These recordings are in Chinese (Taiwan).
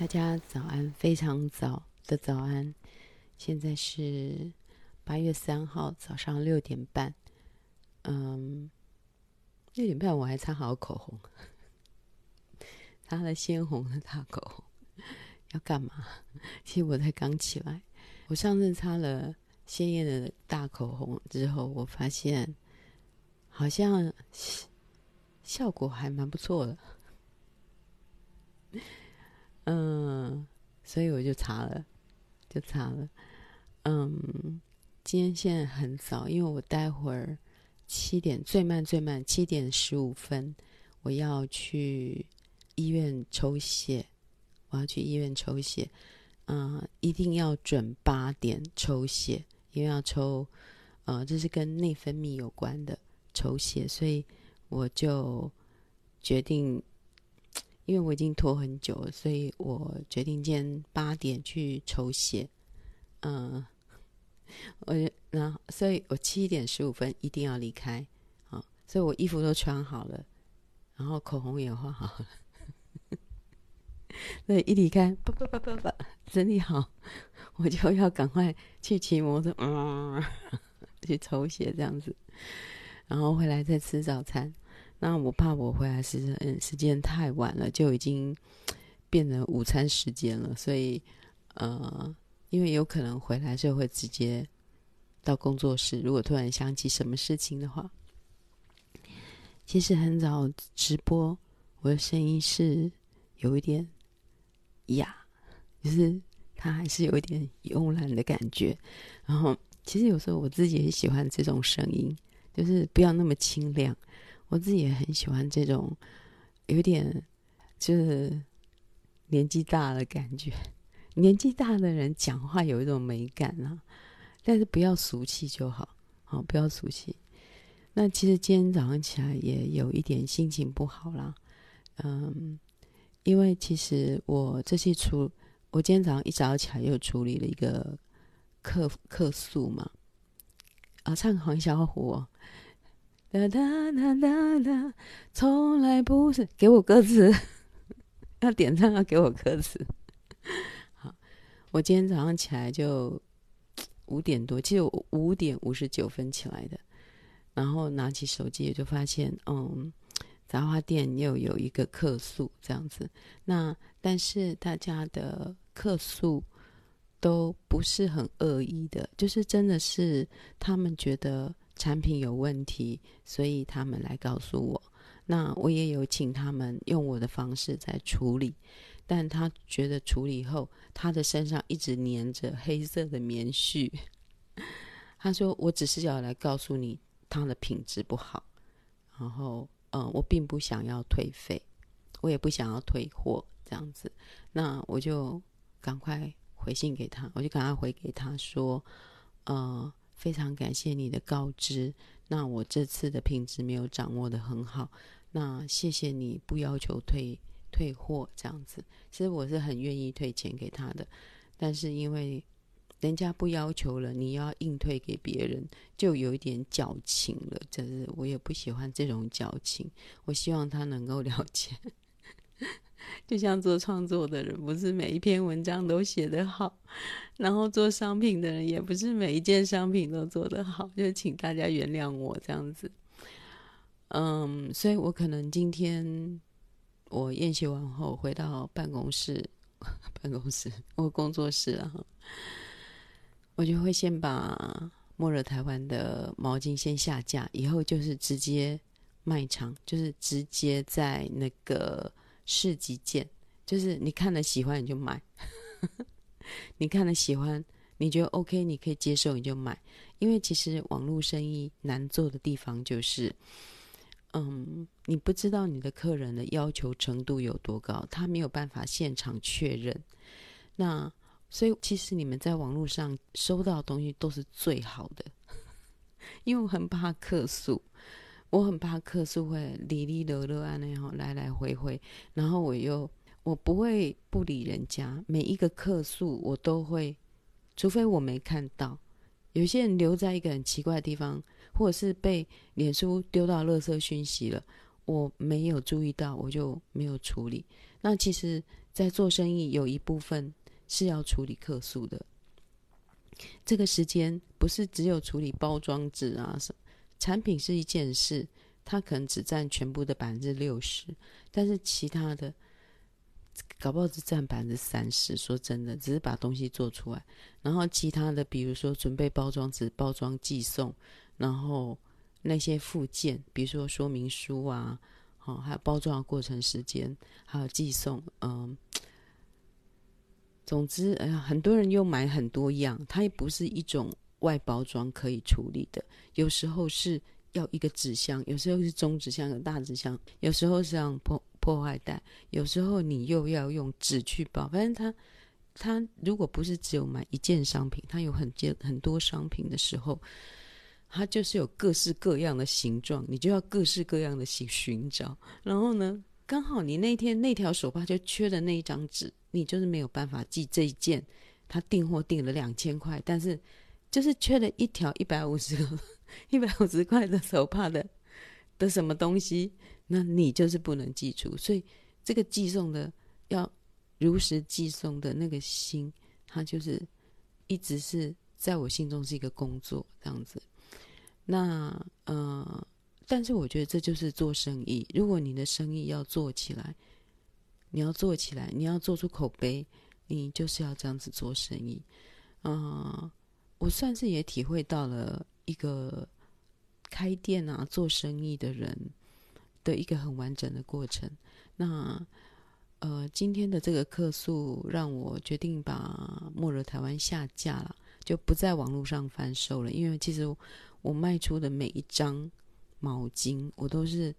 大家早安，非常早的早安。現在是八月三號早上六點半，嗯，六點半我還擦好口紅，擦了鮮紅的大口紅，要幹嘛？其實我才剛起來。我上次擦了鮮豔的大口紅之後，我發現好像效果還蠻不錯的。嗯，所以我就查了，就查了。嗯，今天現在很早，因為我待會兒七點最慢最慢七點十五分我要去醫院抽血，我要去醫院抽血。嗯，一定要準八點抽血，因為要抽，呃，這、就是跟內分泌有關的抽血，所以我就決定。因為我已經拖很久了，所以我決定今天八點去抽血。嗯，我就，然後，所以我七點十五分一定要離開。啊，所以我衣服都穿好了，然後口紅也畫好了。 所以一離開，叭叭叭叭叭，整理好，我就要趕快去騎摩托啊、嗯，去抽血這樣子，然後回來再吃早餐。那我怕我回來時，嗯，時間太晚了，就已經變得午餐時間了。所以，呃，因為有可能回來就會直接到工作室。如果突然想起什麼事情的話，其實很早直播，我的聲音是有一點啞，就是它還是有一點慵懶的感覺。然後，其實有時候我自己也喜歡這種聲音，就是不要那麼清亮。我自己也很喜歡這種，有點就是年紀大的感覺，年紀大的人講話有一種美感啦、啊，但是不要俗氣就好，好，不要俗氣。那其實今天早上起來也有一點心情不好啦，嗯，因為其實我這些處，我今天早上一早起來又處理了一個客客訴嘛，啊，唱黃小琥。啦啦啦啦啦，從來不是給我歌詞，要點讚要給我歌詞。好，我今天早上起來就五點多，其實我五點五十九分起來的，然後拿起手機也就發現，嗯，雜貨店又有一個客訴這樣子。那但是大家的客訴都不是很惡意的，就是真的是他們覺得。產品有問題，所以他們來告訴我。那我也有請他們用我的方式在處理，但他覺得處理後他的身上一直黏着黑色的棉絮。他說：“我只是要來告訴你，他的品質不好。然後，嗯、呃，我並不想要退費，我也不想要退貨，這樣子。那我就趕快回信給他，我就趕快回給他說，呃。”非常感謝你的告知，那我這次的品質沒有掌握得很好，那謝謝你不要求退退貨這樣子，其實我是很願意退錢給他的，但是因為人家不要求了，你要硬退給別人，就有一點矯情了，就是我也不喜歡這種矯情，我希望他能夠了解。就像做創作的人，不是每一篇文章都寫得好；然後做商品的人，也不是每一件商品都做得好。就請大家原諒我這樣子。嗯，所以我可能今天我宴席完後回到辦公室，辦公室我工作室啊，我就會先把末日台灣的毛巾先下架，以後就是直接賣場，就是直接在那個。試幾件，就是你看了喜歡你就買， 你看了喜歡，你覺得 OK，你可以接受你就買。因為其實網絡生意難做的地方就是，嗯，你不知道你的客人的要求程度有多高，他沒有辦法現場確認。那所以其實你們在網絡上收到的東西都是最好的， 因為我很怕客訴。我很怕客訴會離離落落啊，那樣來來回回，然後我又我不會不理人家，每一個客訴我都會，除非我沒看到，有些人留在一個很奇怪的地方，或者是被臉書丟到垃圾訊息了，我沒有注意到我就沒有處理。那其實，在做生意有一部分是要處理客訴的，這個時間不是只有處理包裝紙啊什麼。產品是一件事，它可能只占全部的百分之六十，但是其他的搞不好只占百分之三十。說真的，只是把東西做出來，然後其他的，比如說準備包裝紙、包裝寄送，然後那些附件，比如說說明書啊，好、哦，還有包裝的過程時間，還有寄送，嗯，總之，哎、呃、呀，很多人又買很多樣，它也不是一種。外包裝可以處理的，有時候是要一個紙箱，有時候是中紙箱有大紙箱，有時候是像破破壞袋，有時候你又要用紙去包。反正他他如果不是只有買一件商品，他有很件很多商品的時候，它就是有各式各樣的形狀，你就要各式各樣的去尋找。然後呢，剛好你那天那條手帕就缺的那一張紙，你就是沒有辦法寄這一件。他訂貨訂了兩千塊，但是。就是缺了一條一百五十一百五十塊的手帕的的什麼東西，那你就是不能寄出。所以這個寄送的要如實寄送的那個心，它就是一直是在我心中是一個工作這樣子。那嗯、呃，但是我覺得這就是做生意。如果你的生意要做起來，你要做起來，你要做出口碑，你就是要這樣子做生意，啊、呃。我算是也體會到了一個開店啊、做生意的人的一個很完整的過程。那呃，今天的這個客訴讓我決定把末日台灣下架了，就不在網絡上販售了。因為其實我，我賣出的每一張毛巾，我都是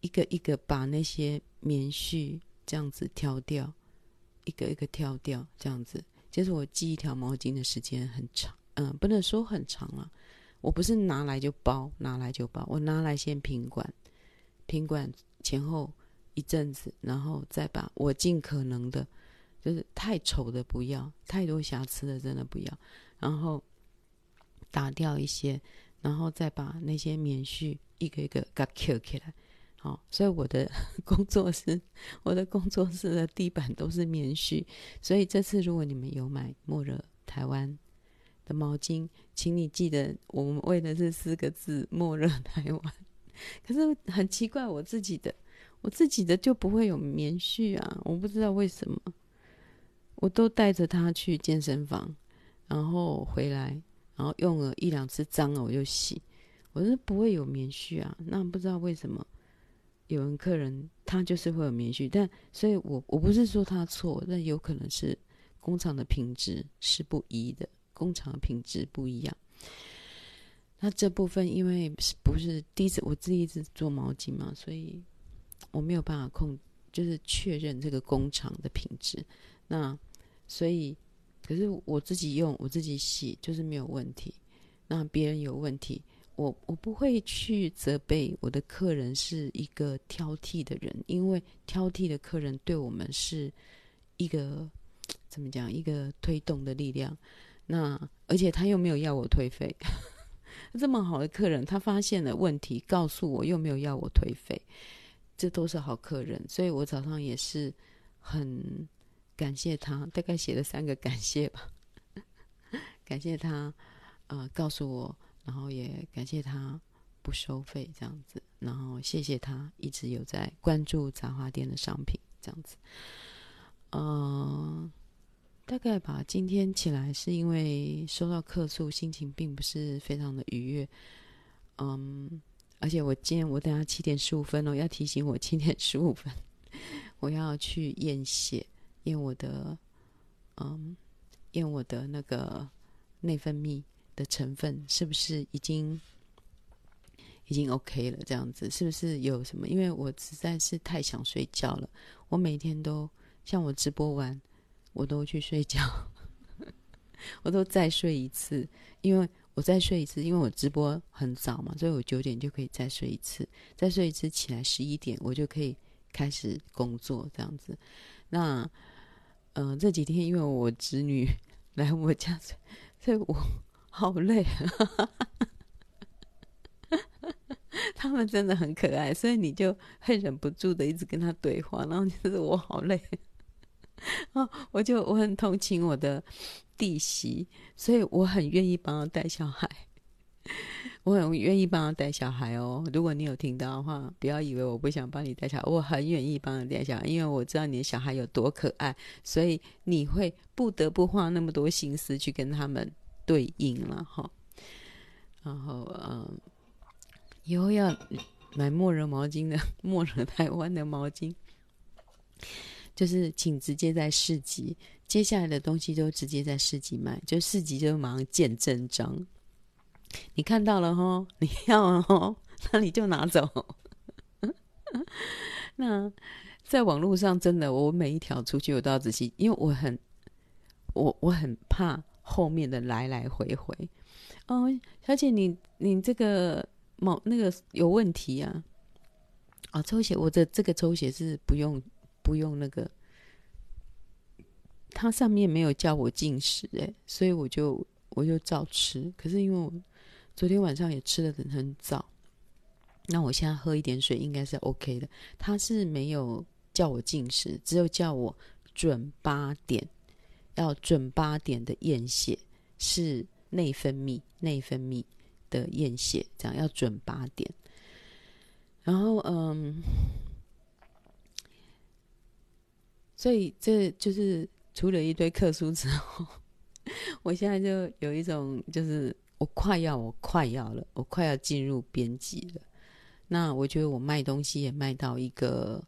一個一個把那些棉絮這樣子挑掉，一個一個挑掉這樣子。就是我寄一條毛巾的時間很長，嗯、呃，不能說很長了，啊。我不是拿來就包，拿來就包。我拿來先平管，平管前後一陣子，然後再把我盡可能的，就是太醜的不要，太多瑕疵的真的不要，然後打掉一些，然後再把那些棉絮一個一個給揪起來。好，所以我的工作室，我的工作室的地板都是棉絮。所以這次如果你們有買末日台灣的毛巾，請你記得，我們為的是四個字：末日台灣。可是很奇怪，我自己的，我自己的就不會有棉絮啊！我不知道為什麼。我都帶着他去健身房，然後回來，然後用了一兩次髒了我就洗，我是不會有棉絮啊。那不知道為什麼。有人客人他就是會有棉絮，但所以我，我我不是說他錯，但有可能是工廠的品質是不一的，工廠的品質不一樣。那這部分因為不是第一次我自己一直做毛巾嘛，所以我沒有辦法控，就是確認這個工廠的品質。那所以，可是我自己用我自己洗就是沒有問題，那別人有問題。我我不會去責備我的客人是一個挑剔的人，因為挑剔的客人對我們是一個怎麼講？一個推動的力量。那而且他又沒有要我退費， 這麼好的客人，他發現了問題，告訴我又沒有要我退費。這都是好客人。所以我早上也是很感謝他，大概寫了三個感謝吧， 感謝他啊、呃，告訴我。然後也感謝他不收費這樣子，然後謝謝他一直有在關注雜貨店的商品這樣子，嗯，大概吧。今天起來是因為收到客訴，心情並不是非常的愉悅。嗯，而且我今天我等下七點十五分哦，要提醒我七點十五分我要去驗血，驗我的嗯，驗我的那個內分泌。的成分是不是已經已經 OK 了？這樣子是不是有什麼？因為我實在是太想睡覺了。我每天都像我直播完，我都去睡覺， 我都再睡一次。因為我再睡一次，因為我直播很早嘛，所以我九點就可以再睡一次，再睡一次起來十一點，我就可以開始工作這樣子。那嗯、呃，這幾天因為我侄女來我家睡，所以我。好累， 他們真的很可愛，所以你就會忍不住的一直跟他對話，然後你就是我好累，我就我很同情我的弟媳，所以我很願意幫他帶小孩，我很願意幫他帶小孩哦。如果你有聽到的話，不要以為我不想幫你帶小孩，我很願意幫你帶小孩，因為我知道你的小孩有多可愛，所以你會不得不花那麼多心思去跟他們。對應了哈，然後嗯、呃，以後要買漠惹毛巾的漠惹台灣的毛巾，就是請直接在市集，接下來的東西都直接在市集買，就市集就馬上見真章。你看到了哈，你要哈，那你就拿走。 那在網絡上真的，我每一條出去我都要仔細，因為我很我我很怕。後面的來來回回，哦，小姐你，你你這個某那個有問題呀？啊，哦、抽血，我的這個抽血是不用不用那個，它上面沒有叫我進食誒、欸，所以我就我就照吃。可是因為我昨天晚上也吃的很早，那我現在喝一點水應該是 OK 的。它是沒有叫我進食，只有叫我準八點。要準八點的驗血，是內分泌內分泌的驗血，這樣要準八點。然後，嗯，所以這就是除了一堆客訴之後，我現在就有一種，就是我快要，我快要了，我快要進入編輯了。那我覺得我賣東西也賣到一個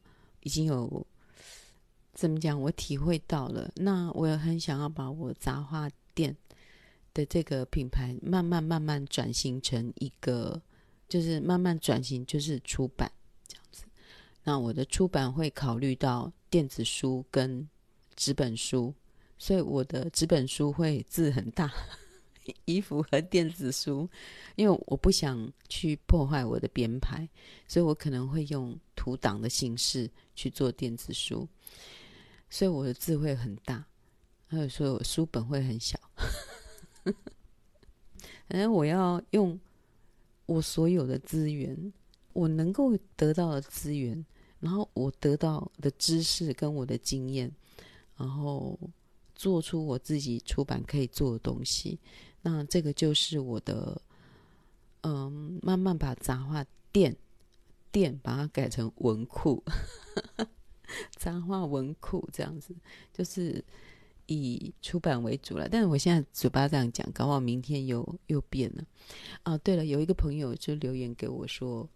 已經有。怎麼講？我體會到了。那我也很想要把我雜花店的這個品牌慢慢慢慢轉型成一個，就是慢慢轉型就是出版這樣子。那我的出版會考慮到電子書跟紙本書，所以我的紙本書會字很大，以符合電子書。因為我不想去破壞我的編排，所以我可能會用圖檔的形式去做電子書。所以我的字會很大，還有說我書本會很小，反 正我要用我所有的資源，我能夠得到的資源，然後我得到的知識跟我的經驗，然後做出我自己出版可以做的東西，那這個就是我的，嗯，慢慢把雜貨店店把它改成文庫。 髒話文庫這樣子，就是以出版為主了。但是我現在嘴巴這樣講，搞不好明天又又變了。啊。對了，有一個朋友就留言給我說：“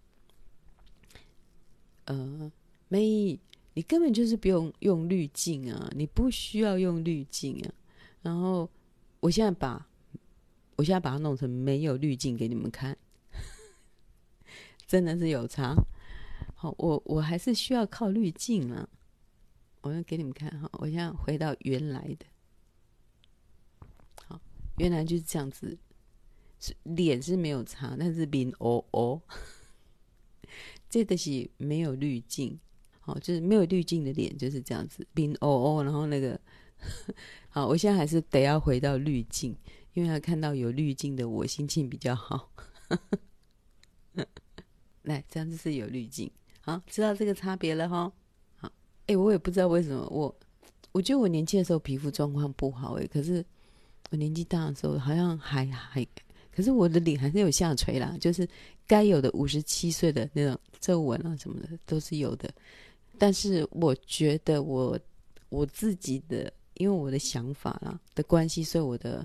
嗯、呃，玫怡，你根本就是不用用濾鏡啊，你不需要用濾鏡啊。”然後我現在把我現在把它弄成沒有濾鏡給你們看， 真的是有差。.哦、我我還是需要靠濾鏡了，我要給你們看哈、哦，我現在回到原來的，好、哦，原來就是這樣子，臉是，是沒有擦，但是 b 哦哦， 這東西沒有濾鏡，哦，就是沒有濾鏡的臉就是這樣子 b 哦哦，然後那個，好、 哦，我現在還是得要回到濾鏡，因為他看到有濾鏡的我心情比較好， 來這樣子是有濾鏡。好，知道這個差別了齁。好，哎，我也不知道為什麼我，我覺得我年輕的時候皮膚狀況不好哎、欸，可是我年紀大的時候好像還還，可是我的臉還是有下垂啦，就是該有的五十七歲的那種皺紋啊什麼的都是有的。但是我覺得我我自己的因為我的想法啦的關係，所以我的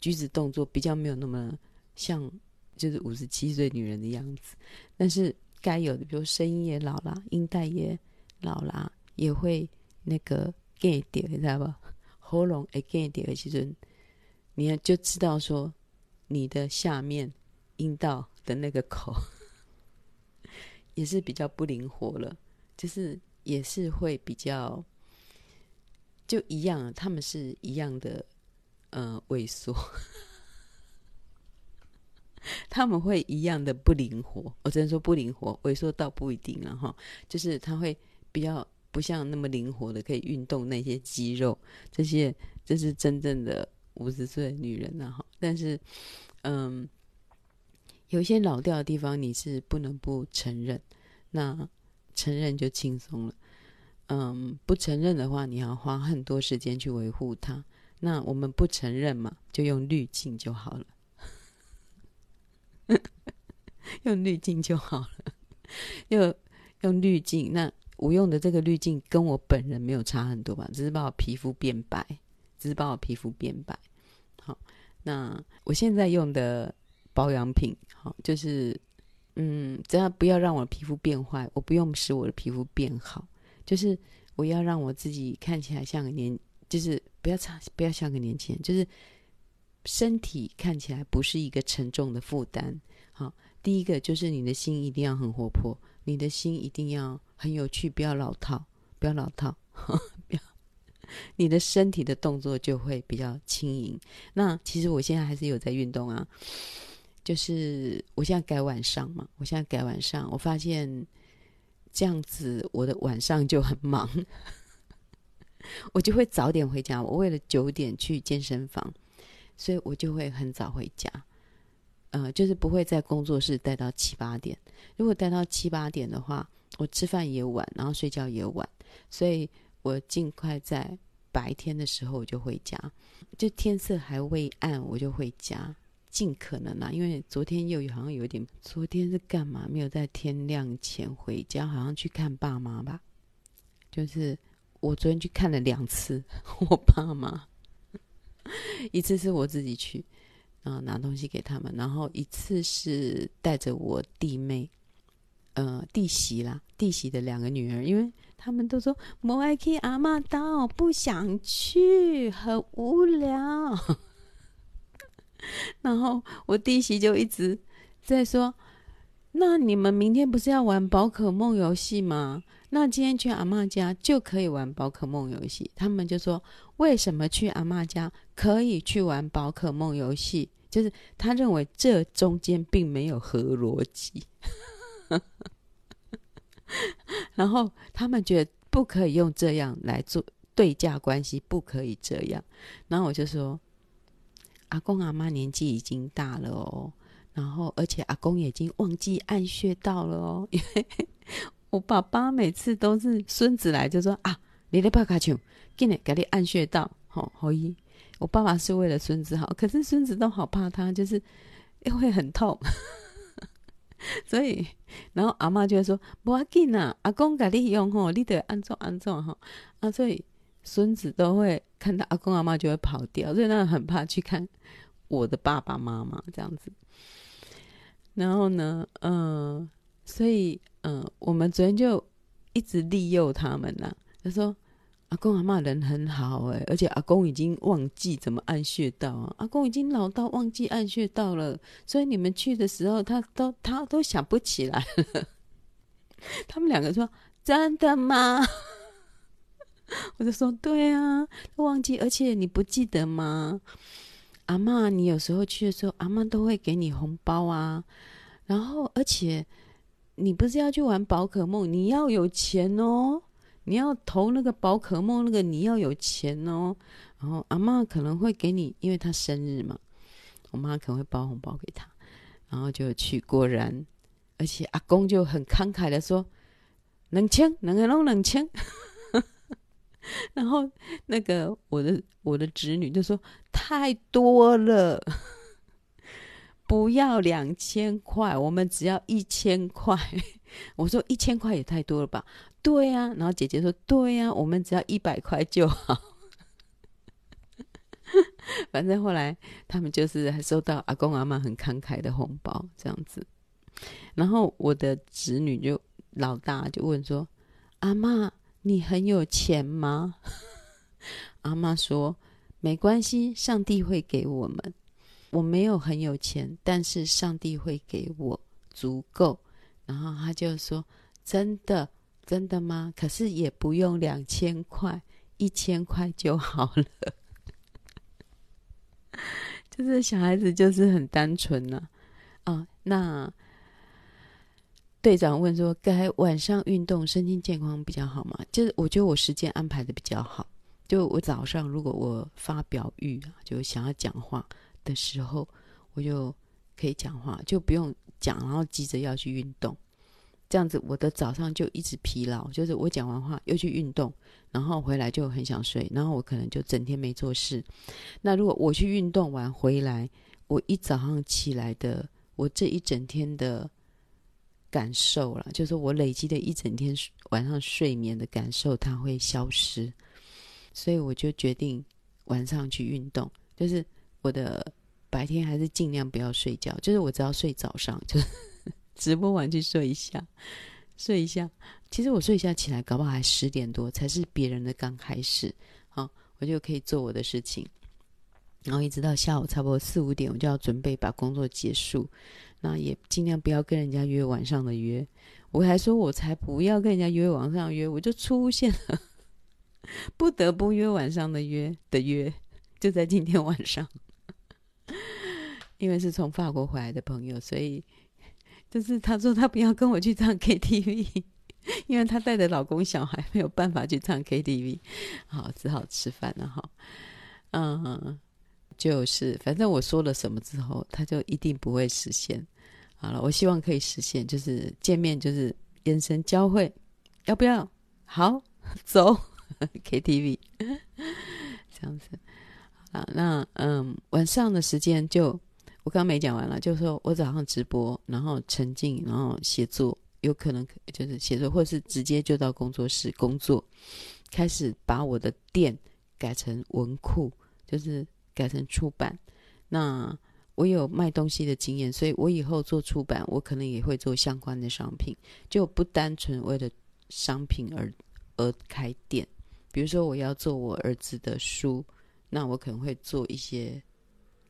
舉止動作比較沒有那麼像就是五十七歲女人的樣子，但是。該有的，比如聲音也老了，音帶也老了，也會那個變一點，你知道吧？喉嚨會變一點，的時候你就知道說，你的下面陰道的那個口，也是比較不靈活了，就是也是會比較，就一樣，他們是一樣的，呃，萎縮。他們會一樣的不靈活，我只能說不靈活，萎縮倒不一定了哈，就是他會比較不像那麼靈活的可以運動那些肌肉，這些這是真正的五十歲女人了哈。但是，嗯，有一些老掉的地方你是不能不承認，那承認就輕鬆了，嗯，不承認的話你要花很多時間去維護它。那我們不承認嘛，就用濾鏡就好了。 用濾鏡就好了， 用用濾鏡。那我用的這個濾鏡跟我本人沒有差很多吧？只是把我皮膚變白，只是把我皮膚變白。好，那我現在用的保養品，好，就是嗯，只要不要讓我的皮膚變壞，我不用使我的皮膚變好，就是我要讓我自己看起來像個年，就是不要差，不要像個年輕人，就是。身體看起來不是一個沉重的負擔。好，第一個就是你的心一定要很活潑，你的心一定要很有趣，不要老套，不要老套。不要，你的身體的動作就會比較輕盈。那其實我現在還是有在運動啊，就是我現在改晚上嘛，我現在改晚上，我發現這樣子我的晚上就很忙， 我就會早點回家，我為了九點去健身房。所以我就會很早回家，呃，就是不會在工作室待到七八點。如果待到七八點的話，我吃飯也晚，然後睡覺也晚，所以我盡快在白天的時候我就回家，就天色還未暗我就回家，盡可能啦、啊。因為昨天又好像有點，昨天是幹嘛？沒有在天亮前回家，好像去看爸媽吧？就是我昨天去看了兩次我爸媽。 一次是我自己去，然後拿東西給他們，然後一次是帶着我弟妹，呃，弟媳啦，弟媳的兩個女兒，因為他們都說毋愛去阿嬤家，不想去，很無聊。 然後我弟媳就一直在說，那你們明天不是要玩寶可夢遊戲嗎？那今天去阿嬤家就可以玩寶可夢遊戲。他們就說。為什麼去阿媽家可以去玩寶可夢遊戲？就是他認為這中間並沒有合邏輯， 然後他們覺得不可以用這樣來做對價關係，不可以這樣。然後我就說，阿公阿媽年紀已經大了哦，然後而且阿公已經忘記按穴道了哦。 因為我爸爸每次都是孫子來就說啊。你的不要卡唱，緊嘞！給你按穴道，吼、哦，可以。我爸爸是為了孫子好，可是孫子都好怕他，就是又會很痛。 所以，然後阿嬤就會說：“不要緊啊，阿公給你用吼、哦，你得按照按照吼。啊，所以孫子都會看到阿公阿嬤就會跑掉，所以他很怕去看我的爸爸媽媽這樣子。然後呢，嗯、呃，所以，嗯、呃，我們昨天就一直利誘他們吶。他說：“阿公阿媽人很好，欸，而且阿公已經忘記怎麼按穴道啊。阿公已經老到忘記按穴道了，所以你們去的時候，他都他都想不起來了。 ”他們兩個說：“真的嗎？” 我就說：“對啊，都忘記，而且你不記得嗎？阿媽，你有時候去的時候，阿媽都會給你紅包啊。然後，而且你不是要去玩寶可夢，你要有錢哦。”你要投那個寶可夢那個你要有錢哦，然後阿嬤可能會給你，因為她生日嘛，我媽可能會包紅包給她，然後就去，果然，而且阿公就很慷慨的說，兩千，兩人都兩千， 然後那個我的我的侄女就說太多了。不要兩千塊，我們只要一千塊。 我說一千塊也太多了吧？對呀、啊，然後姐姐說對呀、啊，我們只要一百塊就好。 反正後來他們就是還收到阿公阿嬤很慷慨的紅包這樣子。然後我的侄女就老大就問說：“阿嬤，你很有錢嗎？” 阿嬤說：“沒關係，上帝會給我們。”我沒有很有錢，但是上帝會給我足夠。然後他就說：“真的，真的嗎？可是也不用兩千塊，一千塊就好了。 ”就是小孩子就是很單純吶、啊。啊，那隊長問說：“該晚上運動，身心健康比較好嗎？”就是我覺得我時間安排得比較好。就我早上，如果我發表慾啊，就想要講話。的時候，我就可以講話，就不用講，然後急着要去運動。這樣子，我的早上就一直疲勞，就是我講完話又去運動，然後回來就很想睡，然後我可能就整天沒做事。那如果我去運動完回來，我一早上起來的，我這一整天的感受了，就是我累積的一整天晚上睡眠的感受，它會消失。所以我就決定晚上去運動，就是我的。白天還是盡量不要睡覺，就是我只要睡早上，就是、直播完去睡一下，睡一下。其實我睡一下起來，搞不好還十點多才是別人的剛開始，好，我就可以做我的事情。然後一直到下午差不多四五點，我就要準備把工作結束。那也盡量不要跟人家約晚上的約。我還說，我才不要跟人家約晚上約，我就出現了，不得不約晚上的約的約，就在今天晚上。因為是從法國回來的朋友，所以就是他說他不要跟我去唱 KTV，因為他帶着老公小孩沒有辦法去唱 KTV。好，只好吃飯了哈。嗯，就是反正我說了什麼之後，他就一定不會實現。好了，我希望可以實現，就是見面，就是眼神交匯，要不要？好，走 KTV，這樣子。啊，那嗯，晚上的時間就我剛剛沒講完了，就是說我早上直播，然後沉浸，然後寫作，有可能就是寫作，或是直接就到工作室工作，開始把我的店改成文庫，就是改成出版。那我有賣東西的經驗，所以我以後做出版，我可能也會做相關的商品，就不單純為了商品而而開店。比如說，我要做我兒子的書。那我可能會做一些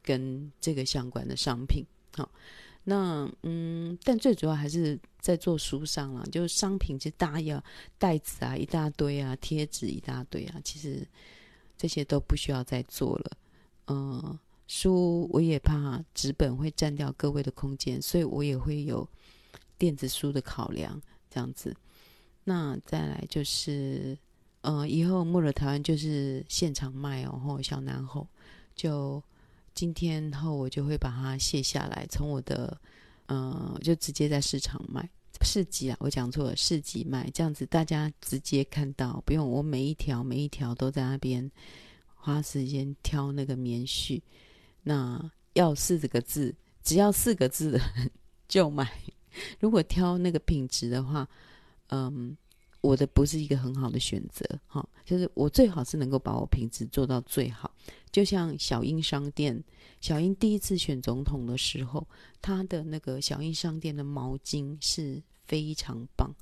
跟這個相關的商品，好，那嗯，但最主要還是在做書上啦，就是商品其實大要袋子啊一大堆啊，貼紙一大堆啊，其實這些都不需要再做了，嗯，書我也怕紙本會占掉各位的空間，所以我也會有電子書的考量，這樣子，那再來就是。嗯，以後末日台灣就是現場賣哦。小男後小南後就今天後我就會把它卸下來，從我的嗯就直接在市場賣市集啊。我講錯了，市集賣這樣子，大家直接看到，不用我每一條每一條都在那邊花時間挑那個棉絮。那要四個字，只要四個字的就買。如果挑那個品質的話，嗯。我的不是一個很好的選擇，哈，就是我最好是能夠把我品質做到最好。就像小英商店，小英第一次選總統的時候，他的那個小英商店的毛巾是非常棒。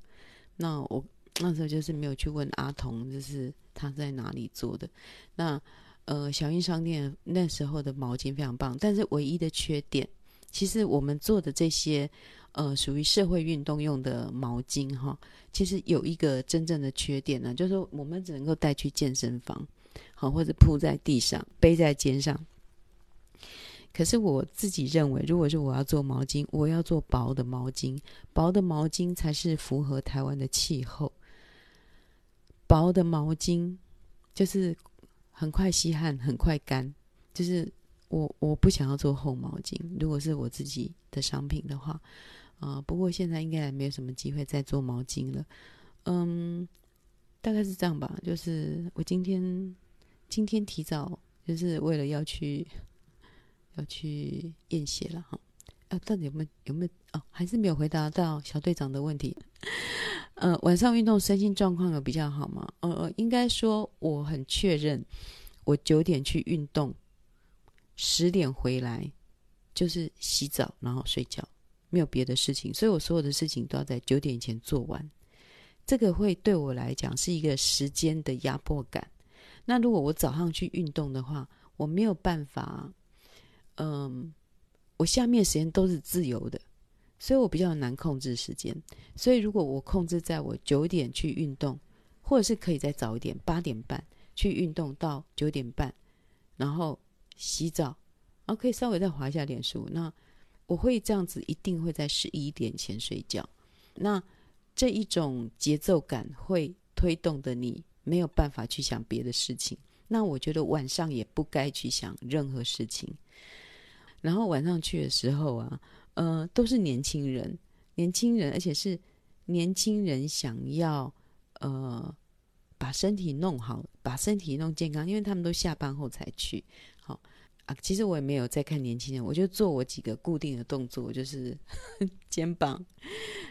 那我那時候就是沒有去問阿童，就是他是在哪裡做的。那呃，小英商店那時候的毛巾非常棒，但是唯一的缺點。其實我們做的這些，呃，屬於社會運動用的毛巾哈，其實有一個真正的缺點呢，啊，就是說我們只能夠帶去健身房，好，或者鋪在地上，背在肩上。可是我自己認為，如果是我要做毛巾，我要做薄的毛巾，薄的毛巾才是符合台灣的氣候。薄的毛巾就是很快吸汗，很快乾，就是。我我不想要做厚毛巾，如果是我自己的商品的話，啊、呃，不過現在應該也沒有什麼機會再做毛巾了，嗯，大概是這樣吧。就是我今天今天提早，就是為了要去要去驗血了哈。啊，到底有沒有有沒有哦、啊？還是沒有回答到小隊長的問題。呃、啊，晚上運動，身心狀況有比較好嗎？呃呃，應該說我很確認，我九點去運動。十點回來，就是洗澡，然後睡覺，沒有別的事情。所以我所有的事情都要在九點前做完。這個會對我來講是一個時間的壓迫感。那如果我早上去運動的話，我沒有辦法，嗯，我下面時間都是自由的，所以我比較難控制時間。所以如果我控制在我九點去運動，或者是可以再早一點，八點半去運動到九點半，然後。洗澡，啊，可以稍微再滑一下臉書。那我會這樣子，一定會在十一點前睡覺。那這一種節奏感會推動的，你沒有辦法去想別的事情。那我覺得晚上也不該去想任何事情。然後晚上去的時候啊，呃，都是年輕人，年輕人，而且是年輕人想要呃把身體弄好，把身體弄健康，因為他們都下班後才去。啊，其實我也沒有在看年輕人，我就做我幾個固定的動作，就是肩膀，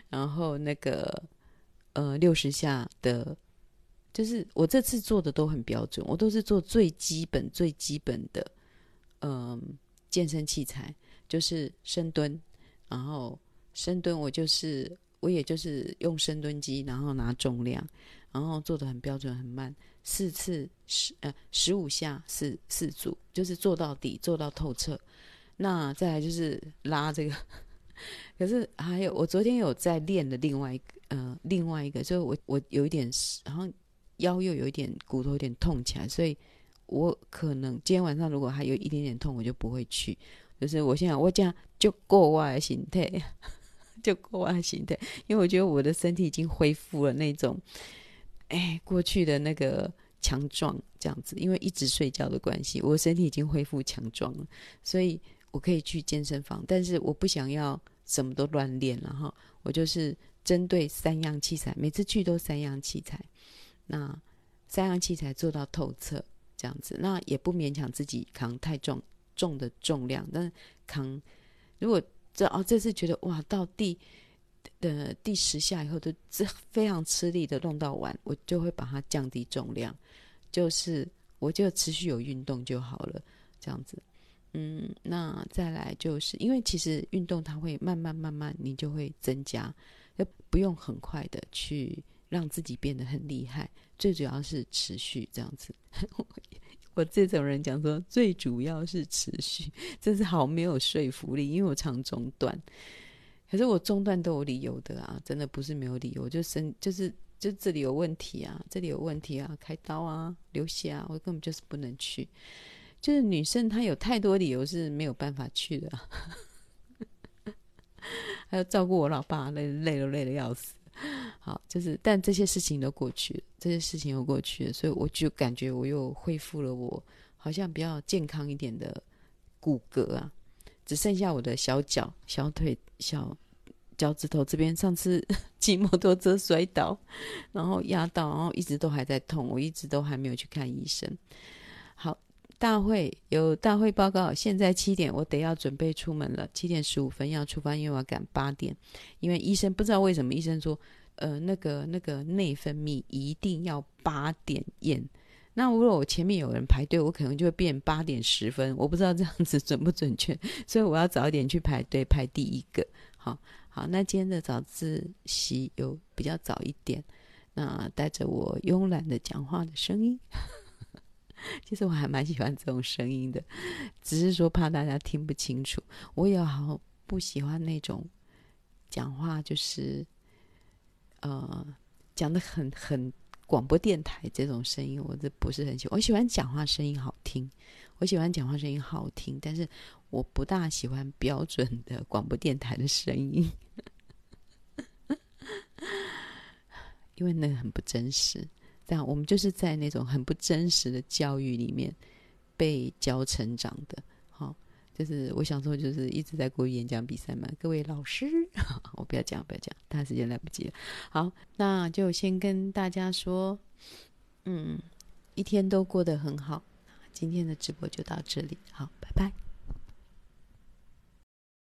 然後那個呃六十下的，就是我這次做的都很標準，我都是做最基本最基本的，嗯、呃，健身器材就是深蹲，然後深蹲我就是。我也就是用深蹲機，然後拿重量，然後做的很標準、很慢，四次十呃十五下四四組，就是做到底、做到透徹。那再來就是拉這個。可是還有，我昨天有在練的另外一個呃另外一個，就、呃、是我我有一點，然後腰又有一點骨頭有點痛起來，所以我可能今天晚上如果還有一點點痛，我就不會去。就是我現在，我這樣就過我的心態。就過萬型的，因為我覺得我的身體已經恢復了那種，哎，過去的那個強壯這樣子。因為一直睡覺的關係，我身體已經恢復強壯了，所以我可以去健身房。但是我不想要什麼都亂練，然後我就是針對三樣器材，每次去都三樣器材。那三樣器材做到透徹這樣子，那也不勉強自己扛太重重的重量，但扛如果。這哦，這次覺得哇，到第的、呃、第十下以後都這非常吃力的弄到完，我就會把它降低重量，就是我就持續有運動就好了，這樣子。嗯，那再來就是因為其實運動它會慢慢慢慢，你就會增加，就不用很快的去讓自己變得很厲害，最主要是持續這樣子。 我這種人講說，最主要是持續，真是好沒有說服力，因為我常中斷。可是我中斷都有理由的啊，真的不是沒有理由，就生就是就這裡有問題啊，這裡有問題啊，開刀啊，流血啊，我根本就是不能去。就是女生她有太多理由是沒有辦法去的、啊， 還要照顧我老爸，累累都累的要死。好，就是，但這些事情都過去了，這些事情又過去了，所以我就感覺我又恢復了，我好像比較健康一點的骨骼啊，只剩下我的小腳、小腿、小腳趾頭這邊。上次騎摩托車摔倒，然後壓到，然後一直都還在痛，我一直都還沒有去看醫生。好，大會有大會報告，現在七點，我得要準備出門了，七點十五分要出發，因為我要趕八點，因為醫生不知道為什麼，醫生說。呃，那個那個內分泌一定要八點驗。那如果我前面有人排隊，我可能就會變八點十分。我不知道這樣子準不準確，所以我要早一點去排隊排第一個。好，好，那今天的早自習有比較早一點。那帶着我慵懶的講話的聲音， 其實我還蠻喜歡這種聲音的，只是說怕大家聽不清楚。我也好不喜歡那種講話就是。呃，講的很很廣播電台這種聲音，我這不是很喜歡。我喜歡講話聲音好聽，我喜歡講話聲音好聽，但是我不大喜歡標準的廣播電台的聲音， 因為那個很不真實。這樣，我們就是在那種很不真實的教育裡面被教成長的。就是我想說，就是一直在國語演講比賽嘛。各位老師，我不要講，不要講，大家時間來不及了。好，那就先跟大家說，嗯，一天都過得很好。今天的直播就到這裡，好，拜拜。